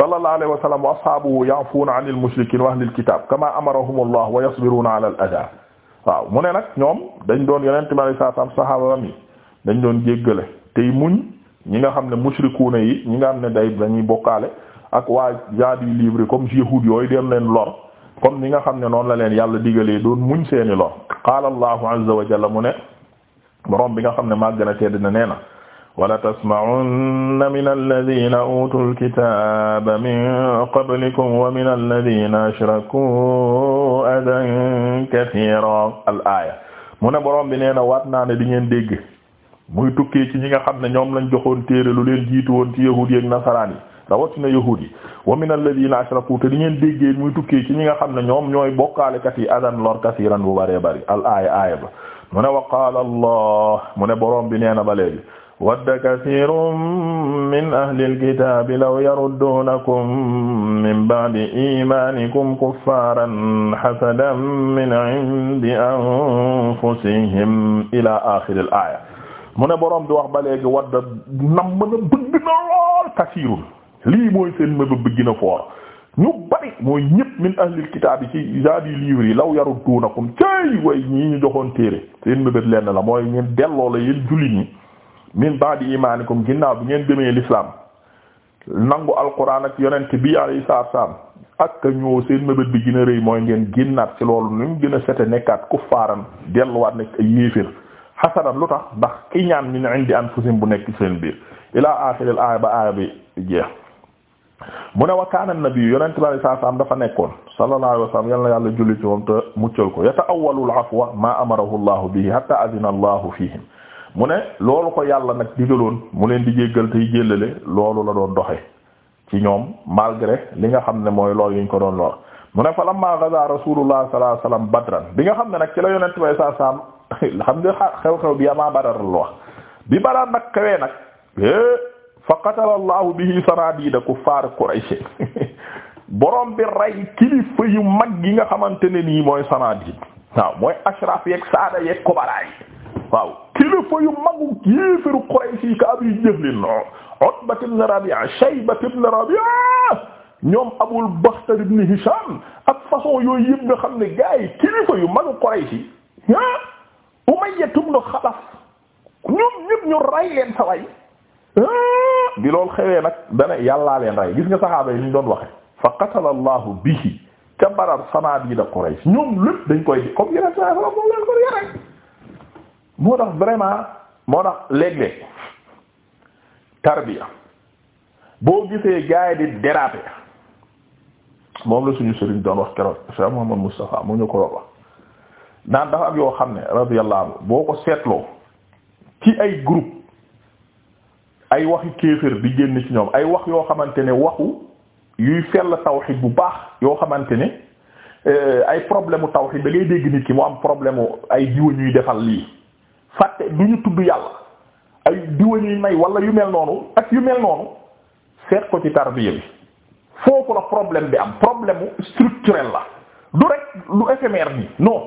sallallahu alayhi wa sallam wa ashaabuhu ya'fuuna anil mushrikiin wa ahlil kitaab kamaa amarahumullah wa yasbiruuna alal adaa waaw mu ne nag ñoom dañ doon yonent bi alayhi salaam saxaaba mi dañ doon jéggale tey muñ ñi nga xam ne mushrikuuna yi ñi nga xam ne day dañuy bokkaale ak waa jaadu livre comme yahuud yooyu dem leen lor comme ñi nga xam ne noonu la leen yàlla digalee doon muñ seeni lor qaala allahu azza wa jalla mu ne borom bi nga xam ne màgg na tedd na nee na wala tasma'unna mina alladhina utul kitaaba min qablikum wa mina alladhina ashrakuu adan kathiiran al aaya nee na waat naa ne di ngeen dégg muy tukkee ci ñi nga xam ne ñoom lañ joxoon téere lu leen jiitu woon ci yahuud yi ak nasaraan yi rawatina yahuud yi wa min alladhina ashraku te di ngeen déggee muy tukkee ci ñi nga xam ne ñoom ñooy bokkaalekat yi adan lor kathiiran bu bëree bëri al aaya aaya ba mu ne wa qaala allah mu ne borom bi nee na ba léegi wadda kasiirun min ahlil kitaabi law yarudduunakum min ba'di iimaanikum kuffaaran hasadan min indi anfusihim ilaa aaxiril aaya mu ne boroom di wax ba léegi wadda nam na bëgg na lool kasiirun lii mooy seen ma bëgg na foor ñu bari mooy ñëpp min ahlil kitaab yi ci jaadi livre yi law yarudduunakum cay way ñii ñu joxoon téere seen mébét lenn la mooy ñeen delloo la yeen jullit ñi min ba'di imaanikum ginnaaw bi ngeen demee l'islam nangu alquran ak yonent bi alayhi salaatu salaam ak ñoo seen mëbët bi gën a rëy mooy ngeen génnaat ci loolu ni mu gën sete nekkaat kuffaaran delluwaat nekk ay yéeféer lu tax ndax ki ñaan min indi anfusim bu nekk ci seen biir ilaa aaxiril aaya ba aaya bi jeex mu ne wa kaana nabi yonent bi alayhi salaatu salaam dafa nekkoon sallallahu alayhi yal na yàlla julli ci moom te muccal ko yata'awwalul afwa maa amarahu mu ne loolu ko yàlla nag digaloon mu leen di jéggal tey jéllale loolu la doon doxe ci ñoom malgré li nga xam ne mooy lool yi ñu ko doon lor mu ne fa lamma gaza rasulullah sallallahu alayhi wasallam badran bi nga xam ne nag ci la yonent bay saa saam xam nga xew-xew bi yamaa badar wax bi badar nag kawee nag eh, fa qatala allahu bihi sanadiida kuffar quraysh borom bi rey kilifa yu mag yi nga xamante ne nii mooy sanadiid waaw mooy ashraf yeeg saada yeeg kubara yi kilifa yu magu yéefaru Quraysh yi ka abi Jahlin Utba ibn Rabi'a Shayba ibn Rabi'a ñoom Abul Bakhtar ibn Hisham ak façon yooyu yëpp nga xam ne gars yi kilifa yu magu Quraysh yi ah Umayya ibn Khalaf ñoom ñëpp ñu rey leen sa way bi loolu xewee nag dana yàllaa leen rey gis nga saxaaba yi ñu doon waxe fa qatala Allahu bihi ca barar sanadida Quraysh ñoom lépp dañ koy comme yeneen saa yi moom leen ko yore. moo tax vraiment moo tax léeg-léeg tarbiya boo gisee gaay di déraper moom la suñu sëriñ doon wax keroog Cheikh Mouhamed Moustapha mu ñu ko wax naan dafa ak yoo xam ne radiyallahu boo ko seetloo ci ay group ay waxi kéefër di génn ci ñoom ay wax yoo xamante ne waxu yuy fell tawxid bu baax yoo xamante ne euh, ay problème u tawxid da ngay dégg nit ki mu am problème ay jiwa ñuy defal lii fàtte du ñu tudd yàlla ay diwa ñuy may wala yu mel noonu ak yu mel noonu seet ko ci tarbiya bi foofu la problème bi am problème structurel la du rek lu éphémère bi non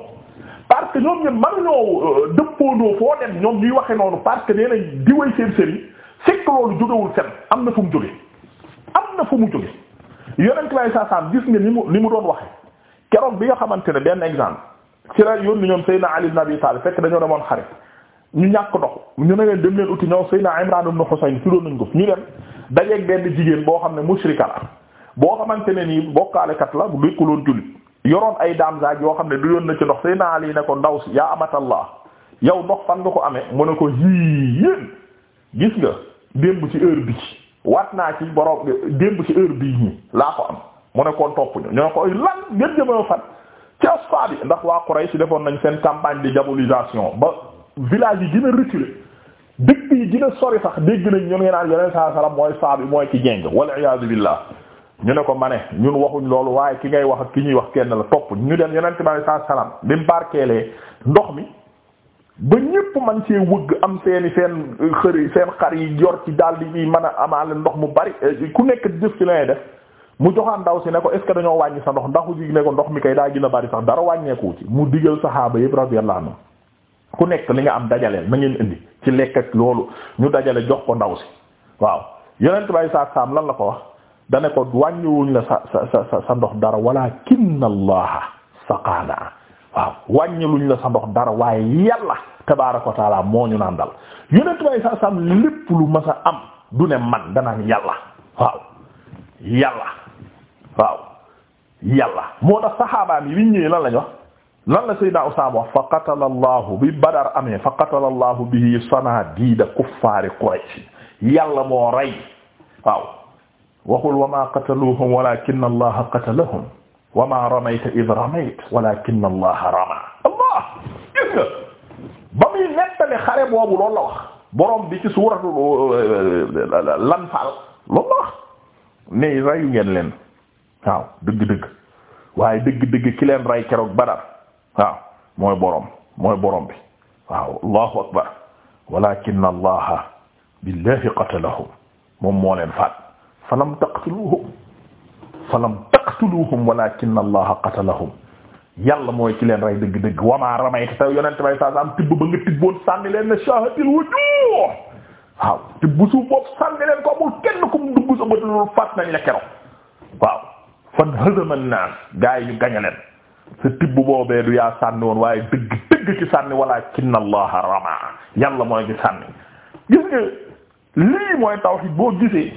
parce que ñoom ñun mën ñoo euh, dëppoondoo foo dem ñoom ñuy waxe noonu parce que nee nañ diway seen sëriñ fekk loolu jógewul seen am na fu mu jóge am na fu mu jóge yonent lay saasaam gis nga ni mu ni mu doon waxe keroog bi nga xamante ne benn exemple ci la yónni ñoom Seydina Ali ibn Abi Talib fekk ñu ñàkk ndox ñu ne leen dem leen uti ñëw Seydina Imran ibn Husayn tuddoon nañ ko ñu dem dajeeg benn jigéen boo xam ne mushrika la boo xamante ne nii bokkaalekat la bu dëkkuloon jullit yoroon ay daam zaaj yoo xam ne du yoon na ci ndox Seydina Ali ne ko ndaw si yaa amatallah yow ndox fan nga ko amee mu ne ko yii gis nga démb ci heure bi wat naa ci borom démb ci heure bii ñi laa ko am mu ne kon topp ñu ñoo ko lan ngeen jëmee fan ci asfa bi ndax waa Quraysh defoon nañ seen campagne de diabolisation ba. village yi gën a reculé dëkk yi gën sori sax dégg nañ ñun ngeen naan yeneen saa salaam mooy saa bi mooy ki jeng wala iyaadu billah ñu ne ko ma ne ñun waxuñ loolu waaye ki ngay wax ak ki ñuy wax kenn la topp ñu dem yeneen tubaab yi saa salaam bi mu barkeelee ndox mi ba ñépp man cee wëgg am seeni seen seen xar yi yor ci daal di ñuy a amaale ndox mu bari eh, ku nekk jëf ci lay def. mu joxaan ndaw si ne ko est ce que dañoo wàññi sa ndox ndax ji ne ko ndox mi kay daa gën a bari sax dara wàññeeku ci mu digal saxaaba yépp radiyallahu anhu ku nekk li nga am dajaleel na ngeen indi ci lekk ak loolu ñu dajale jox ko ndaw si waaw yonent lan la ko ko wàññiwuñ la sa sa sa ndox dara walakin allaha saqaana waaw wàññiluñ la sa ndox dara waaye yàlla tabaaraka wa moo ñu naan dal yonent bay saam lépp lu mas a am du ne man danaan yàlla waaw yàlla waaw yàlla moo tax saxaabaan yi liñ ñëwee lan lañ wax lan la Seydina Usaama wax fa qatala allahu bi badar amee fa qatala allahu bihi sanadiida kuffaari Quraysh yàlla moo rey waaw waxul wa maa qataluuhum walaakinna allaha qatalahum wa maa ramayta id ramayta walaakinna allaha ramaa allah gis ba muy nettali xare boobu loolu la wax borom bi ci suuratu euh, Anfaal loolu la wax ne reyu ngeen leen waaw dëgg-dëgg waaye dëgg-dëgg ki leen rey keroog Badar waaw mooy borom mooy borom bi waaw allahu akbar walakin allaha billahi qatalahum moom moo leen faat falam taqtuluhum falam taqtuluhum walakin allaha qatalahum yàlla mooy ci leen rey dëgg-dëgg wamaa ramayta taw yonente bay saa saam tibb ba nga tibboon sànni leen ne shahatil wujuh waaw tibb suuf boobu sànni leen ko amul kenn ku mu dugg sa bët loolu faat nañ la keroog waaw fan hazama an-nas gaa yi ñu gañaleen sa tibb boobee du yaa sànni woon waaye dëgg dëgg ci sànni walaakinna Allaha rama yàlla mooy ci sànni gis nga lii mooy tawhid boo gisee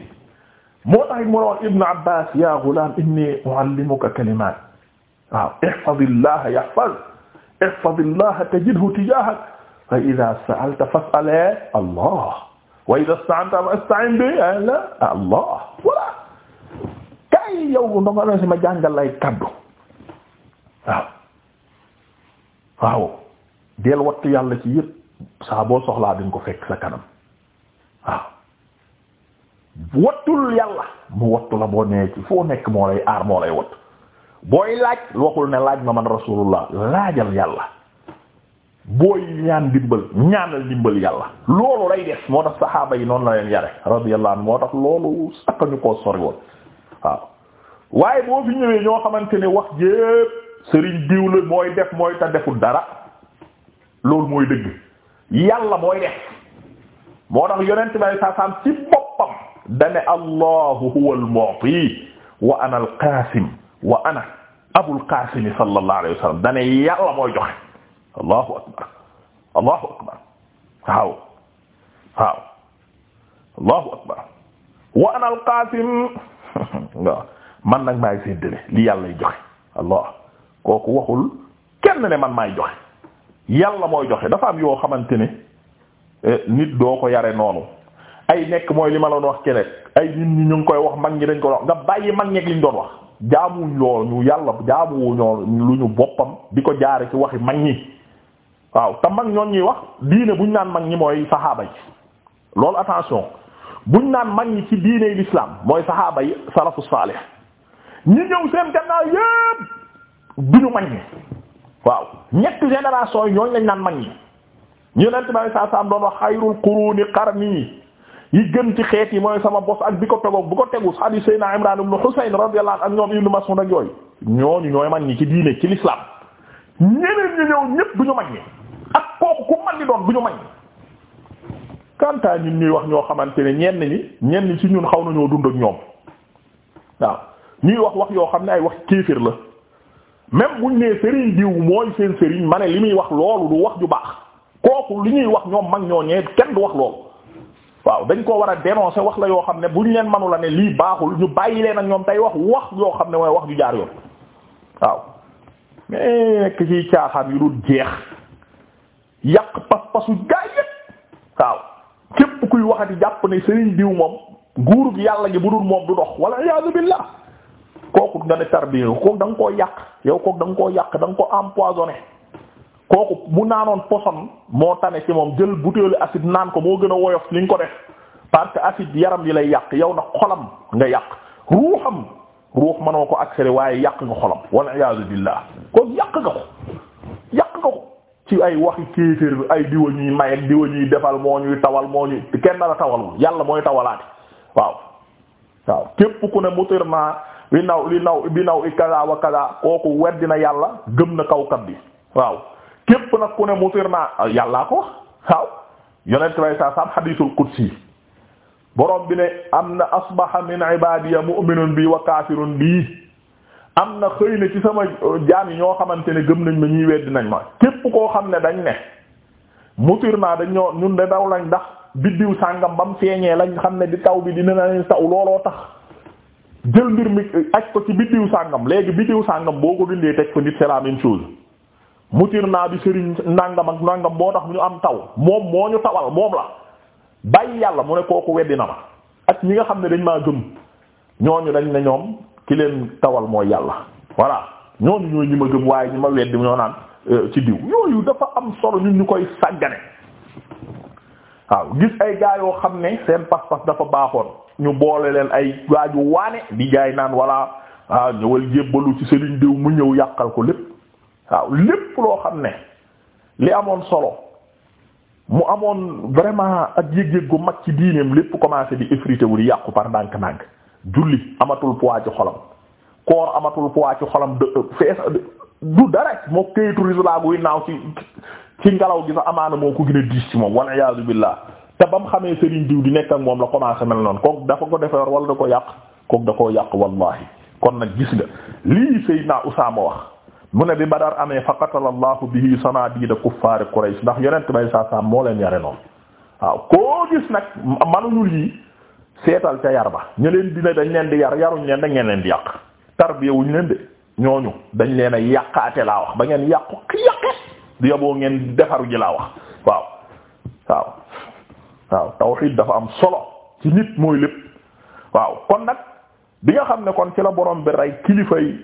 moo tax it mu wax Ibn Abbas ya ghulam inni uallimuka kalimat waaw ihfazillaha yahfaz ihfazillaha tajidhu tijahak fa idha sa'alta fas'al Allah wa idha ista'anta fasta'in bi Allah voilà kay yow ndongo la si ma jàngal lay kaddu waaw waaw del wattu yàlla ci yépp saa boo soxlaa dañ ko fekk sa kanam waaw wattul yàlla mu wattu la boo nee ci foo nekk moo lay aar moo lay wattu booy laaj waxul ne laaj ma man rasulullah laajal yàlla booy ñaan dimbal ñaanal dimbal yàlla loolu lay des moo tax saxaaba yi noonu la leen yare radiyallahu anhu moo tax loolu sakka ñu koo sori waaw waaye boo fi ñëwee ñoo xamante ne wax jépp sëriñ diw mooy def mooy ta deful dara loolu mooy dëgg yàlla mooy def moo tax yonent bi saa saam ci boppam dane allahu huwal mu'ti ana al wa ana abul qasim sallallahu alayhi wa sallam dane yàlla mooy joxe allahu akbar allahu akbar wa ana al man nag maay séddale li yàllay joxe allah kooku waxul kenn ne man maay joxe yàlla mooy joxe dafa am yoo xamante ne eh, nit doo ko yare noonu ay nekk mooy li ma doon wax keneen ay nit ñu ngi koy wax mag ñi dañ ko wax nga bàyyi mag ñeeg liñ doon wax jaamuñ loo ñu yàlla jaamuwu ñoo lu ñu boppam di ko jaare ci waxi mag ñi waaw te mag ñoon ñuy wax diine buñ naan mag ñi mooy saxaaba yi loolu attention buñ naan mag ñi ci diine l'islam mooy saxaaba yi salafu salih ñi ñëw seen gannaaw yépp duñu mag ñi waaw ñett génération yi ñooñ lañ naan mag ñi ñenent bi alei saa am doon wax xayrul quruni qarni yi gën ci xeet yi mooy sama bos ak bi ko tegoog bu ko tegu hadith sayna Imran ibn Husayn radiyallahu anhu ñoom Ibn Mas'ud ak yooyu ñooñu ñooy mag ñi ci diine ci l'islam ñeneen ñu ñëw ñépp duñu mag ñi ak kooku ku man di doon duñu mag ñi kantaa ñun ñuy wax ñoo xamante ne ñenn ñi ñenn ci ñun xaw nañoo dund ak ñoom waaw ñuy wax wax yoo xam ne ay wax kéefër même buñ nee sëriñ diw mooy seen sëriñ ma ne li muy wax loolu du wax ju baax kooku li ñuy wax ñoom mag ñoo ñee kenn du wax loolu waaw dañ ko war a dénoncer wax la yoo xam ne bu ñu leen manu la ne lii baaxul ñu bàyyi leen ak ñoom tey wax wax yoo xam ne mooy wax ju jaar yoon waaw mais nekk ci caaxaan yu dul jeex yàq pas-pasu gaay yépp waaw képp kuy waxati jàpp ne sëriñ diw moom nguurug yàlla gi bu dul moom du dox walla iyaazu kooku nga ne tarbiya kooku da koo yàq yow kooku da nga koo yàq da nga ko empoisonné kooku mu naanoon poison moo tane ci moom jël butéelu acide naan ko moo gën a woyof li nga ko def parce que acide yaram yi la yàq yow na xolam nga yàq ruuxam ruux mënoo ko accéléré waaye yàq nga xolam wal iyaazu billah kooku yàq nga ko yàq nga ko ci ay waxi kéefër ay diwa ñuy may ak diwa ñuy defal moo ñuy tawal moo ñuy kenn dara tawalul yàlla mooy tawalaate waaw waaw li naw li naw bi naw i kaza wa kaza kooku weddina yàlla gëm na kawkab bi waaw képp nag ku ne mutir naa ah, yàllaa ko waaw yonent bay saa saam hadithul qudsi borom bi ne am na asbaha min ibadiya mu'minun bi wa kafirun bi am na xëy na ci sama uh, jaam yi ñoo xamante ne gëm nañ ma ñuy weddi nañ ma képp koo xam ne dañ ne mutir naa dañ ñoo ñun de daw lañ ndax biddiw sàngam bam feeñee lañ xam ne di taw bi dina nañ taw looloo tax jël mbir mi eh, aj ko ci biddiw sàngam léegi biddiw sàngam boo ko dindee teg ko nit c'est la même chose mutir naa bi sëriñ nàngam ak nàngam moo tax ñu am taw moom moo ñu tawal moom la bàyyi yàlla mu ne kooku weddi na ma ak ñi nga xam ne dañ maa gëm ñu dañ ne ñoom ki leen tawal mooy yàlla voilà ñoom ñooy ñi ma gëm waaye ñi ma weddi ñoo naan eh, ci diw yooyu dafa am solo ñun ñu koy sàggane waaw gis ay gaa yoo xam ne seen pas-pas dafa baaxoon ñu boole leen ay waaju waane di gaay naan walla waaw ñëwal jébbalu ci sëriñ diw mu ñëw yàqal ko lépp waaw lépp loo xam ne li amoon solo mu amoon vraiment ak yëg-yëg gu mag ci diineem lépp commencé di effrité wu di yàqu par ndànk-ndànk julli amatul poids ci xolam koor amatul poids ci xolam euh, euh, du dara moo këyitu risulaa guy naaw ci ci ngelaw gi sax amaana moo ko gën a diis ci moom wal iyaazu billah te ba mu xamee Serigne diw di nekk ak moom la commencé mel noonu kooku dafa ko defar wala da ko yàq kooku da koo yàq wallahi kon nag gis nga lii Seydina Usaama wax mu ne bi Badar amee fa qatala Allahu bihi sanadiida kuffaari Quraysh ndax yonent bay saa saa moo leen yare noonu waaw koo gis nag manuñu lii seetal ca yar ba ñu leen dina dañ leen di yar yaruñ leen dañ ngeen leen di yàq tarbiya wuñ leen de ñooñu dañ leen a yàqaate laa wax ba ngeen yàqu yàqe yaboo ngeen defaru ji laa wax waaw waaw tawxiid dafa am solo ci nit mooy lépp waaw kon nag bi nga xam ne kon ci la borom bi rey kilifa yi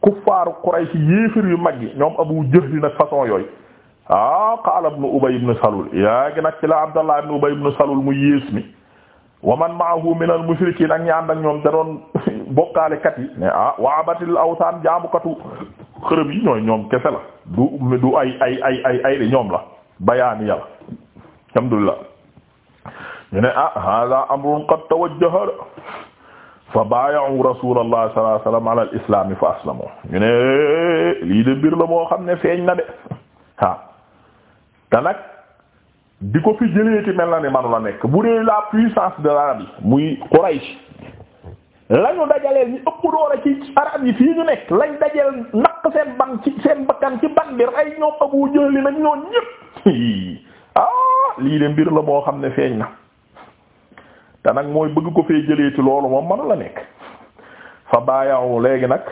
kuffaaru Quraysh yéefir yu mag yi ñoom Abu Jahl nag façon yooy ah qaala ibnu Ubay ibnu Salul yaa ngi nag ci la Abdallah ibnu Ubay ibnu Salul mu yées mi wa man ma'ahu min al mushrikiin ak ñaan ak ñoom da doon bokkaalekat yi ne ah wa abatil awsaan jaamukatu xërëb yi ñooy ñoom kese la du du ay ay ay ay ay ñoom la bayaani yàlla alhamdulillah ñu ne ah hada amrun qad tawajjaha fa baaya'u rasulallah sallallahu alayhi wasallam ala al fa aslamu ñu ne lii de mbir la moo xam ne feeñ na de ah te nag di ko fi jëleeti mel na ni manu la nekk bu la puissance de l'Arabie muy Quraysh lañu dajaleel ñu ëpp doole ci arab yi fii ñu nekk lañ dajeel naq seen ban ci seen bakkan ci ban bi rey ñoom Abu Jahl nag ñoo ñëpp ah, lii de mbir la boo xam ne feeñ na te nag mooy bëgg ko fee jëlee ci loolu moom manu la nekk fa bàyyawu léegi nag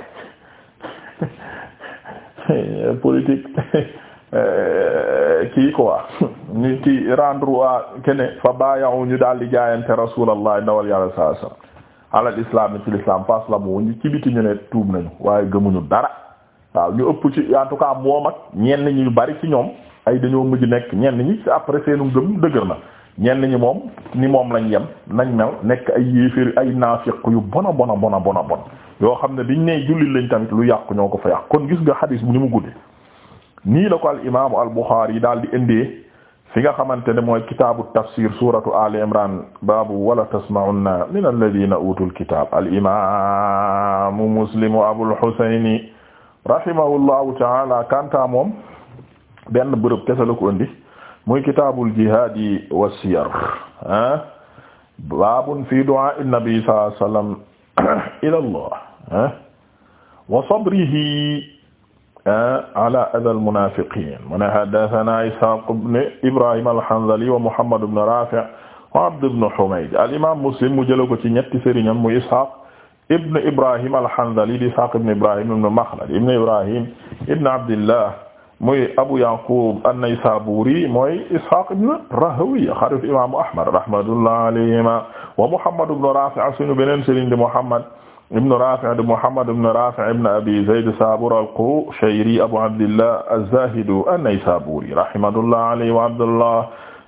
politique kii quoi ñu ci rendre waa kene fa bàyyawu ñu daal di jaayante rasulallah ndawal yàlla sallallahu alayhi wasallam alal islaam ni ci l'islam fas la mu ñu ci biti ñu ne tuub nañu waaye gëmuñu dara waaw ñu ëpp ci en tout cas moom ak ñenn ñu bari ci ñoom ay dañoo mujj nekk ñenn ñi après seenu gëm dëgër na ñenn ñi moom ni moom lañ yem nañ mel nekk ay yéeféer ay naafiq yu bona bona bona bona bon yoo xam ne biñ nee jullit lañ tamit lu yàqu ñoo ko fa kon gis nga xadiis bu ni mu guddi nii la ko al imaamu al Buxaari yi daal di indee fi nga xamante ne mooy kitaabu tafsir suratu ali imran baabu wala tasma'unna min alladina utul kitab al imamu muslimu abul husayni rahimahullahu taala kanta moom benn bërëb kese la ko indi muy kitaabul jihaadi wa siyar ah baabun fi du'a an-nabi sallallahu alayhi wa sallam ila allah ah wa sabrihi Ah, ala adal munaafiqiin mu ne haddasanaa Ishaaq ibn Ibraahiim al-Hanzali wa Muhammad ibn Raafi' wa Abd ibn Humayd al-imaam Muslim mu jël ko ci ñetti sëriñam mu Ishaaq ibn Ibraahiim al-Hanzali di Ishaaq ibn Ibraahiim ibn Makhlad ibn Ibraahiim ibn Abdillah muy Abu Yaquub an-Naysaabuuri mooy Ishaaq ibn Rahawayh xaritu imaamu Ahmad rahmatullahi alayhimaa wa Muhammad ibn Raafi' suñu beneen sëriñ di Muhammad ibn Rafi' di Muhammad ibn Rafi' ibn Abi Zayd Sabur al-Qushayri Abu Abdillah az-Zahid an-Naysaburi rahimahullah alayhi wa Abdullah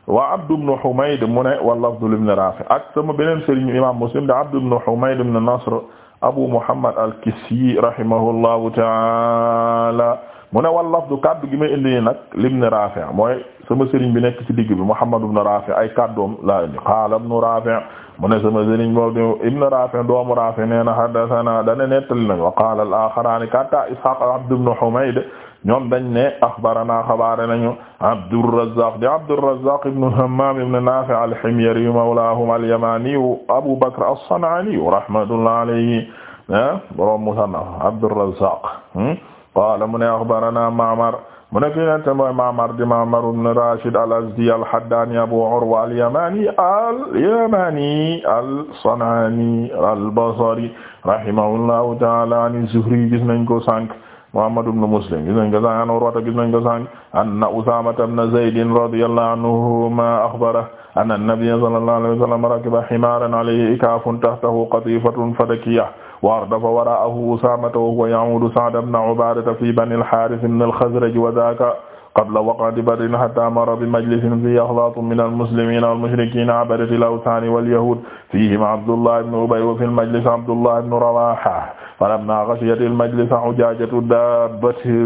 wa Abd ibn Humayd mu ne wa lafdu ibn Rafi' ak sama beneen sëriñ imam Muslim di Abd ibn Humayd ibn Nasr Abu Muhammad al-Kissi rahimahullahu ta'ala mu ne wal lafdu kaddu gi may indi nii nag mooy sama sëriñ bi nekk ci digg bi Muhammad ibn Rafi' ay kaddoom laa indi qaala ibn Rafi' mu ne doomu Rafi' nee na haddathana dana nettali nañ wa qaala al-aaxaraani katta Ishaq Abd ibn ñoom dañ ne axbarana xabaare nañu Abdurrazzaq di Abdurrazzaq ibn Hammam ibn Nafi' al-Himyari mawlaahum al Abu Bakr as-San'ani rahmatullahi alayhi ah, borom Musannaf Abdurrazzaq hmm? qaala mu ne axbarana Ma'mar mu nekk yonente mooy Ma'mar di Ma'mar ibn Rashid al-Azdi al-Haddani Abu Urwa al-Yamani al-Yamani al-San'ani al-Basri rahimahullahu ta'ala an Zuhri gis nañ ko sànq Muhammad ibn Muslim gis nañ ko sànq an Urwa gis nañ ko sànq anna Usama ibn Zayd radiyallahu anhuma axbarahu anna an-nabiyya sallallahu alayhi wa sallam rakiba himaran alayhi ikaafun tahtahu qatifatun fadakiyah wardafa waraahu usaamata wa huwa ya'uudu sa'd ibn ubaadata fi bani al-haaris min al-khazraj wa dhaaka qabla waq'ati badrin hattaa marra bi majlisin fiihi axlaatun mina al-muslimiina wal-mushrikiina abadati al-awsaani wal-yahuud fiihim abdullah ibn ubay wa fil majlis abdullah ibn rawaaha falammaa ghashiyati al-majlisa ujaajatu daabbati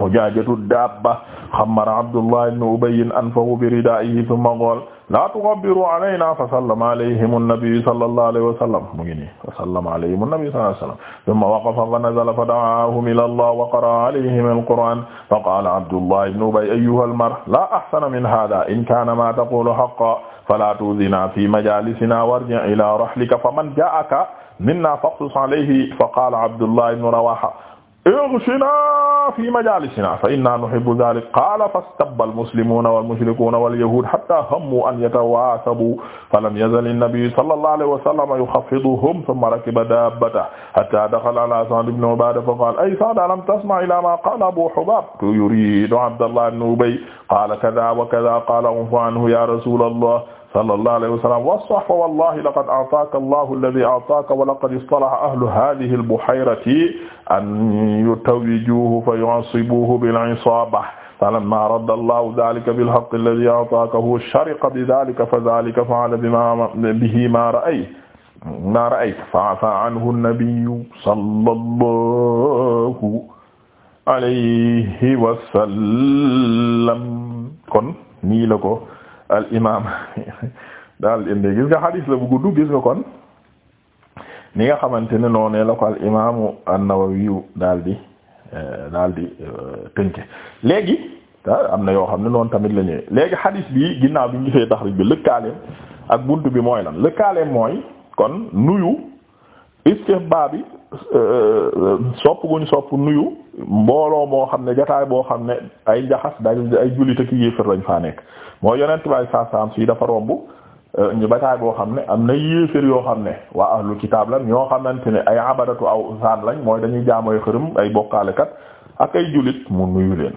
ujaajatu daabba xammara abdullah ibn ubay anfahu bi ridaa'ihi thumma qaala la tuxabbiru alayna fa sallama alayhim an-nabi sallallahu alayhi wa sallam mu ngi nii fa sallama alayhim an-nabi sallallahu alayhi wa sallam thumma waqafa fa nazala fa da'aahum ila Allah wa qara'a alayhim al-Qur'an fa qala Abdullah ibn Ubay ayyuha al-mar'a la ahsana min hadha in kana ma taqulu haqqan fala tu'dhina fi majalisina warji' ila rahlika faman ja'aka minna faqsus alayhi fa qala Abdullah ibn Rawaha ighshina ghayruhuma fi majalisina fa inna nuhibbu dhalik qala fastabba almuslimuna walmushrikuna walyahud hatta hammu an yatawasabu falam yazal an-nabi sallallahu alayhi wa sallam yukhaffiduhum thumma rakiba dabbatahu hatta dakhala ala Sa'd ibn Ubadah fa qala ay Sa'd alam tasma' ila ma qala Abu Hubab yuridu Abdullah ibn Ubay qala kadha wa kadha qala 'ufu anhu ya rasul Allah sallallahu alayhi wa sallam wa sahha wallahi laqad a'taaka allahu alladhi a'taaka wa laqad istalaha ahlu hadhihi al-buhayrati an yutawwijuhu fa yu'assibuhu bil-'isaabah falammaa radda allahu dhaalika bil-haqqi alladhi a'taakahu shariqa bidhaalika fadhaalika fa'ala bihi maa ra'ayta maa ra'ayta fa'afaa anhu an-nabiyyu sallallahu alayhi wa sallam kon nii la ko al imaam daal indi gis nga xadiis la bu gudd gis nga kon ni nga xamante ne noonee la ko al imaamu an-Nawawi daal di eh, eh, tënke léegi am na yoo xam ne noonu tamit la léegi xadiis bi ginnaaw bi ñu gisee taxriij bi lëkkaaleem ak bunt bi mooy la lëkkaaleem mooy kon nuyu istihbaabi eh, sopp guñ sopp nuyu mbooloo moo xam ne jataay boo xam ne ay njaxas dañ ay lañ faa nekk moo yonent baay saasaam fii dafa romb euh, ñu bataay boo xam ne am na yéefar yoo xam ne waa ahlu kitaab lañ ñoo xamante ne ay abadatu aw zaan lañ mooy dañuy jaamoy xërëm ay bokkaalekat ak ay jullit mu nuyu leen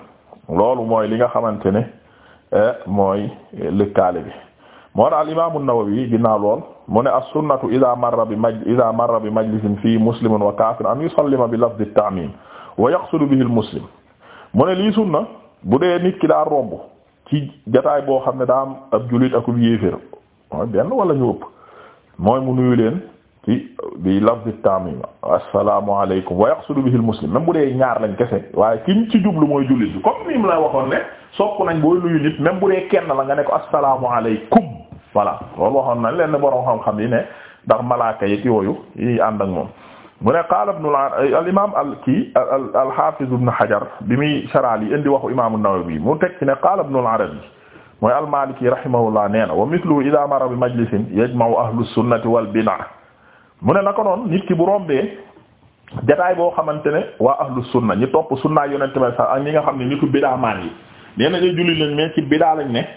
loolu mooy li nga xamante ne euh, mooy lëkkaale bi moo daal imaamu Nawawi ginnaaw lool mu ne a sunnatu idaa marra bi maj idaa marra bi majlisin fii muslimun wa kaafirun an yusallima bi lafdi at-ta'miim wa yaqsudu bihi al muslim mu ne lii sunna bu dee nit ki daa romb ci jataay boo xam ne daa am ab jullit akub yéeféer mooy benn wala ñu ëpp mooy mu nuyu leen ci bi lafzi tamima assalaamu alaykum wa yaqsudu bihi al muslim même bu dee ñaar lañ kese waaye kiñ ci jublu mooy jullit bi comme ni mu la waxoon ne sopp nañ booy nuyu nit même bu dee kenn la nga ne ko assalaamu alaykum voilà loolu waxoon nañ leen borom xam-xam yi ne ndax malaaka yi yooyu yi ànd ak moom mu ne qaala ibnul al imaam al kii al al haafiz ibn Hajar bi muy saraal yi indi waxu imaamu Nawawi mu teg ci ne qaala ibnul Arabi mooy al Maaliki rahimahullah nee na wa mithluhu idaa mara bi majlisin yajma'u ahlu sunnati wal bid'a mu ne naka noonu nit ki bu rombee jataay boo xamante ne waa ahlu sunna ñi topp sunna yonent bi ak ñi nga xam ne nitu bidaa maan yi nee na ñuy julli leen ci bidaa lañ ne.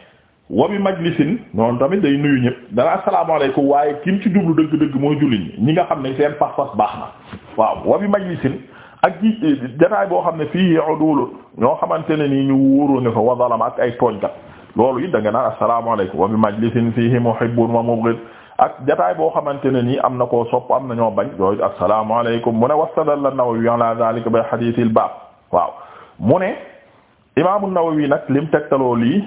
wa bi majlisin noonu tamit day nuyu ñëpp dana asalaamaaleykum waaye kim ci jublu dëgg-dëgg mooy jullit ñi nga xam ne seen pas-pas baax na waaw wa bi majlisin ak ji eh, jataay boo xam ne fii udul ñoo xamante ne nii ñu wóoroo nga fa wa zalama ak ay tooñ tooñkat loolu it da nga naan asalaamaaleykum wa bi majlisin fihi muhibbun wa mubghid ak jataay boo xamante ne nii am na koo sopp am na ñoo bañ yooyu asalaamaaleykum mu ne wastadalla an-Nawawi ala zalika bi hadithil baab waaw mu ne imaamu Nawawi nag lim tegtaloo lii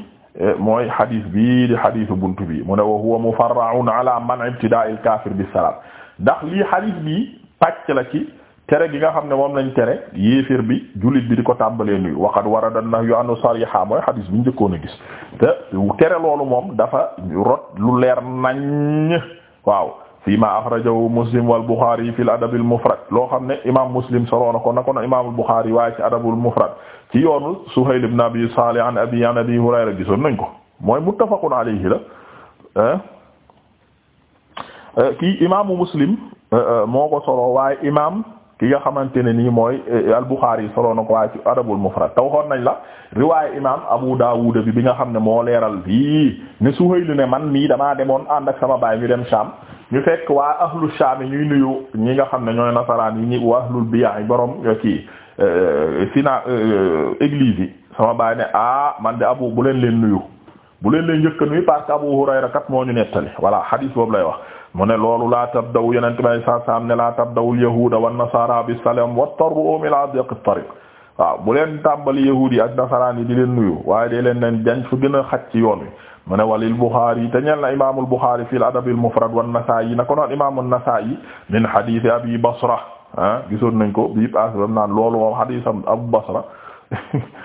mooy hadith bi di hadithu buntu bi mu ne wa huwa mufarra'un ala man ibtida'il kafir bi salam ndax lii hadith bii pàcc la ci tere gi nga xam ne moom lañ tere yéefir bi jullit bi di ko tàmbalee nuyu waqad warada nahyu anhu sariha mooy hadith bi ñu njëkkoon a gis te tere loolu moom dafa rot lu leer nañ waaw fiima akhrajahu muslim wal buxaari fil adabil mufrad loo xam ne imaam muslim soroon na ko na ko na imaamul buxaari waaye ci adabul mufrad ci yoonu Suhayl ibn Abi nañ ko mooy muttafaqun alayhi la. Euh, kii imaamu muslim euh, euh, moo ko solo waaye imaam ki nga xamante ne nii mooy al buxaari soroon na ko waaye ci adabul mufrad te waxoon nañ la riwaayu imaam Abu Daawud bi bi nga xam ne moo leeral fii ne Suhayl ne man mii damaa demoon ànd ak sama baay mi dem Sham. ñu fekk waa ahlu Shaam ñuy nuyu ñi nga xam ne ñooy nasaraan yi ñi waa ahlul biyaa borom kii euh, sina euh, église yi sama baay ne ah man de abu bu leen leen nuyu bu leen leen njëkk a nuyu parce que Abu Hurayra kat moo ñu nettali voilà hadith boobu lay wax mu ne loolu laa tabdaw yeneen bay saa saam ne laa tabdawul yahuuda wan nasaara bi salaam wa tarru ila diq tariq waaw bu leen tàmbali yahuud yi ak nasaraan yi di leen nuyu waaye dee leen leen jañ fu gën a xaj ci yoon wi mu ne walil Buxaari yi te ñeel na imaamul Buxaari fil adabil mufrad wan Nasaa'i na ko noon imaamul Nasaa'i min hadith Abi Basra ah gisoon nañ ko bii paas bam naan loolu moom hadisam Abu Basra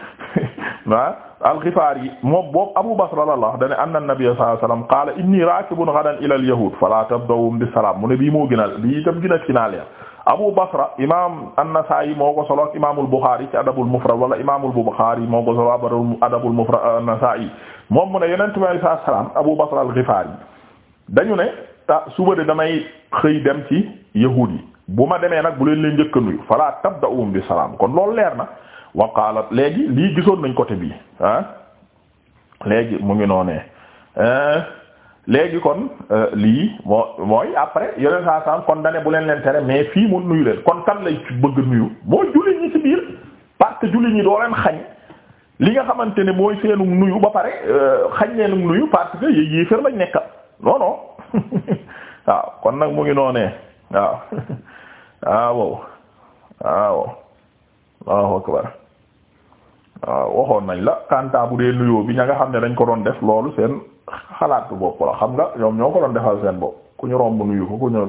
ah alxifaar yi moom boobu Abu Basra la wax dane anna nabiyya sallallahu alayhi wasallam qaala inni raakibun ghadan ila al-yahud fala tabda'uhum bis-salaam mu ne bii moo gën a bii tam gën a finaaleer Abu Basra imaam an-Nasaa'i moo ko solo ak imaamul Buxaari ci adabul mufrad wala imaamul Buxaari moo ko solo adabul mufrad euh, an-Nasaa'i moom mu ne yonent bi alayhi salaam Abu Basra al-Xifaari dañu ne ta suba de damay xëy dem ci yahuud yi bu ma demee nag bu leen leen njëkk a nuyu fala tabda'uhum bis-salaam kon loolu leer na. wa qalat léegi lii gisoon nañ côté bi ah léegi mu ngi noonee eh, léegi kon eh, lii moo mooy après yeneen saa saam kon dane bu leen leen tere mais fii mu nuyu leen kon kan lay bëgg nuyu mooy jullit ñi ci biir parce que jullit ñi doo leen xañ li nga xamante ne mooy seenum nuyu ba pare eh, xañ leenu nuyu parce que yéen yéefar lañ nekk non waaw kon nag mu ngi noonee waaw waaw waaw waaw akbar waaw waxoon nañ la kanta bu dee nuyoo bi ña nga xam ne dañ ko doon def loolu seen xalaatu bopp la xam nga ñoom ñoo ko doon defal seen bopp ku ñu romb nuyu ko ku ñu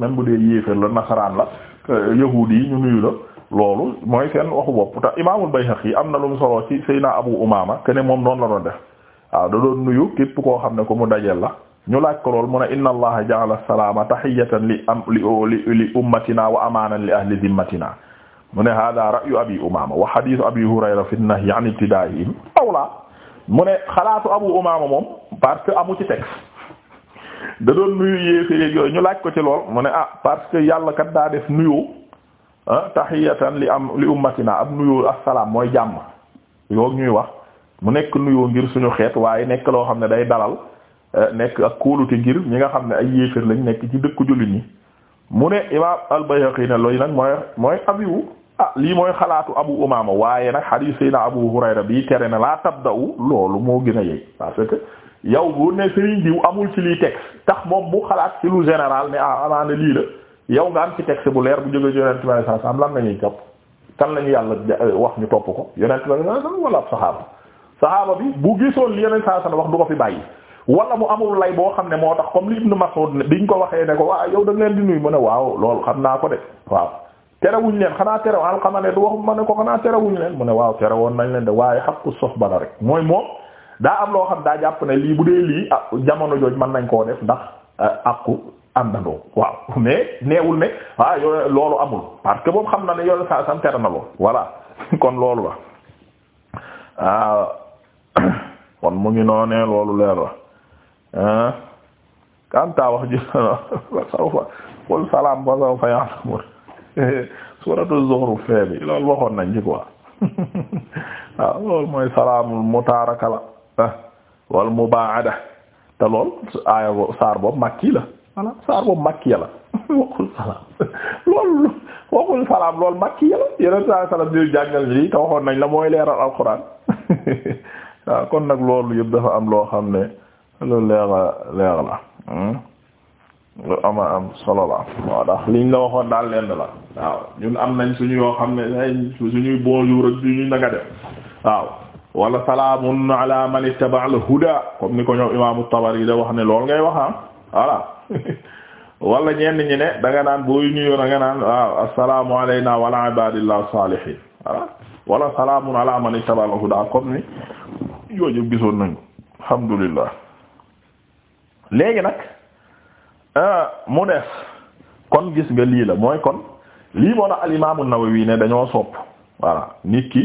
même bu dee yéeféer la nasaraan la euh, yahuudi yi ñu nuyu la loolu mooy seen waxu bopp te imaamul yi am na lu mu soloo ci Seydina Abu Umaama kene moom noonu la doon def waaw da doon nuyu képp koo xam ne ko mu dajeel la ñu laaj ko lool mu ne inna allaha ja'ala salaama tahiyatan li am li li ummatina wa amaanan li ahli zimmatina mu ne hada ra'yu abi umama wa hadithu abi hurayra fi nahyi an ibtidaa'ihim awla mu ne xalaatu abu umama moom parce que amu ci texte da doon nuyu yéeféeg yooyu ñu laaj ko ci lool mu ne ah parce que yàlla kat daa def nuyu ah, tahiyatan li am li ummatina ab nuyu assalaam mooy jàmm yoog ñuy wax mu nekk nuyoo ngir suñu xeet waaye nekk loo xam ne day dalal eh, nekk ak kóolute ngir ñi nga xam ne ay yéeféer lañ nekk ci dëkku jullit ñi mu ne imaam al nag mooy mooy abiwu ah lii mooy xalaatu abu umaama waaye nag xadiis sayna abu hurayra bii tere na laa tabda'u loolu moo gën a yey parce que yow bu ne sëriñ diw amul ci lii texte tax moom bu xalaat ci lu général ne ah lii la yow nga am ci texte bu leer bu jóge yonent bi saa saam lan lañuy topp kan lañu yàlla eh, wax ñu topp ko yonent bi saa saam wala ab saxaaba saxaaba bi bu gisoon li yonent saa wax du ko fi bàyyi wala mu amul lay boo xam ne moo tax comme li Ibnu Mas'ud biñ ko waxee ne ko da nga di nuyu mu waaw loolu xam naa ko de waaw terewuñ leen xanaa terew Alqama ne du wax ma ne ko xanaa terewuñ leen mu ne waaw terewoon nañ leen de waaye xaqu soxba bala rek mooy moom daa am loo xam daa jàpp ne lii bu dee lii ah jamono jooj mën nañ koo def ndax eh, àqu àndandoo waaw mais neewul ne ah yo loolu amul parce que boobu xam na ne yow saa sam tere na lool voilà kon loolu la waaw ah kon mu ngi noonee loolu leer la ah kanta wax ji saw fa qul salaam fa saw fa suuratu zuhru fee bi loolu waxoon nañ ci quoi waaw loolu mooy salaamul mutaaraka la ah, wal mubaada te lool aaya saar boobu makki la voilà saar boobu makki la waxul salaam loolu waxul salaam loolu makki la yeneen saa salaam yu jàngal nii te waxoon nañ la mooy leeral alquran kon nag loolu yëpp dafa am loo xam ne lu leera leera lu ama am solo la waaw ndax liñ la waxoon daal lenn la waaw ñun am nañ suñu yoo xam ne suñuy bonjour ak def waaw wala salaamun ala man ittaba al huda comme ni ko ñoom imaamu Tabari da wax ne lool ngay wax ah voilà ñi ne da naan boo nuyoo da nga naan waaw assalaamu alayna wa ala ibadillah salihin voilà wala salaamun ala man ittaba al huda ni yooyu gisoon nañu alhamdulillah léegi nag Ah, mu def kon gis nga lii la mooy kon lii moo na al imaamu wii ne dañoo sopp voilà nit ki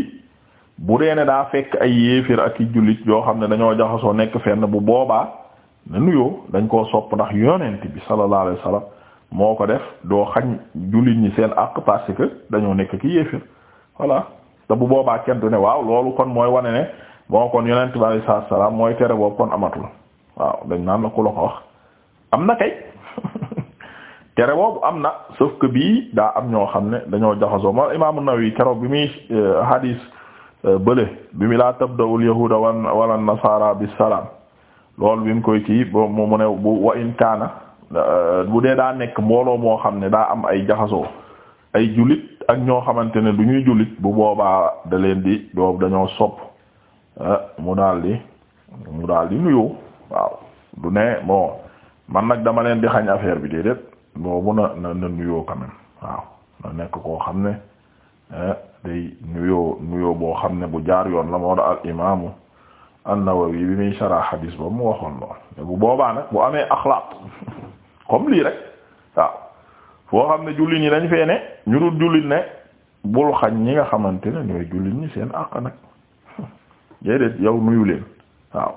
bu dee ne daa fekk ay yéefir ak i jullit yoo xam ne dañoo jaxasoo nekk fenn bu boobaa ne nuyoo dañ koo sopp ndax yonent bi sallallahu alayhi wasallam moo ko def doo xañ jullit ñi seen àq parce que dañoo nekk ki yéefir voilà te bu boobaa kenn ne waaw loolu kon mooy wane ne bon kon yonent bi alayhi salaam mooy tere boobu kon amatul waaw dañ naan la ku la ko wax am na tere boobu am na sauf que bii daa am ñoo xam ne dañoo jaxasoo ma imaamu Nawawi keroog bi muy euh, hadis euh, bële bi muy laa tabda'ul yahuuda wala nasaara bisalaam loolu bi mu koy kii bo mu ne bu wa in kaana euh, bu dee daa nekk mbooloo moo xam ne daa am ay jaxasoo ay jullit ak ñoo xamante ne du ñuy julit bu boobaa da leen di doobu dañoo sopp mu daal di mu daal di nuyu waaw du ne bon man nag dama leen di xañ affaire bi déedéet boobu na na na nuyoo quand waaw na nekk koo xam ne eh, day nuyoo nuyoo boo xam ne bu jaar yoon la moo da al imaamu an-Nawawi bi muy sharah hadis ba mu waxoon lool bu boobaa nag bu amee axlaaq comme lii rek waaw foo xam ne jullit ñi dañ fee ne ñu dul jullit ne bul xañ ñi nga xamante ne ñooy jullit ñi seen àq nag déedéet yow nuyu leen waaw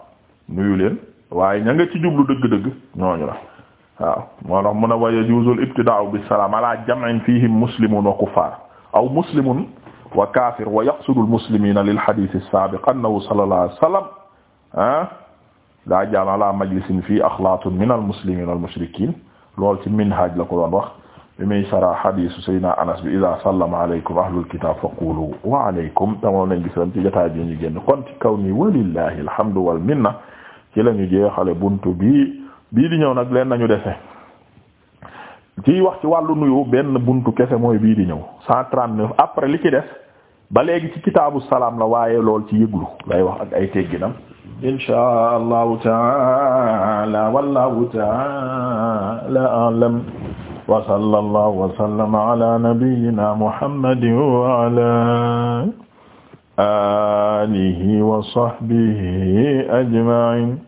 nuyu leen waaye ña nga ci jublu dëgg-dëgg ñooñu la waaw moo tax mun a wa yajuuzul ibtidaa'u bisalaam ala jam'in fihim muslimun wa kuffar aw muslimun wa kaafir wa yaqsudu almuslimiina lil hadiis as-saabiq annahu sallallaahu alayhi wa sallam ah daa jaam ala majlisin fii axlaatun min almuslimiina wal mushrikiin lool ci minhaaj la ko doon wax bi muy sara hadiisu sayyidinaa Anas bi idaa sallama aleykum ahlul kitaab faquulu wa aleykum tamoon nañ gis ci jotaay bi ñu génn kon ci kaw nii walillaahi alhamdu wal minna ci la ñu jeexale buntu bi bii di ñëw nag leen nañu defe ci wax ci wàllu nuyu benn buntu kefe mooy biir di ñëw cent trente-neuf après li ci des ba léegi ci kitaabu salaam la waaye lool ci yëglu lay wax ak ay tegginam insha allahu taala wallahu taala alam wa sallallahu wa sallama ala nabiyyina muhammadin wa ala alihi wa sahbihi ajma'in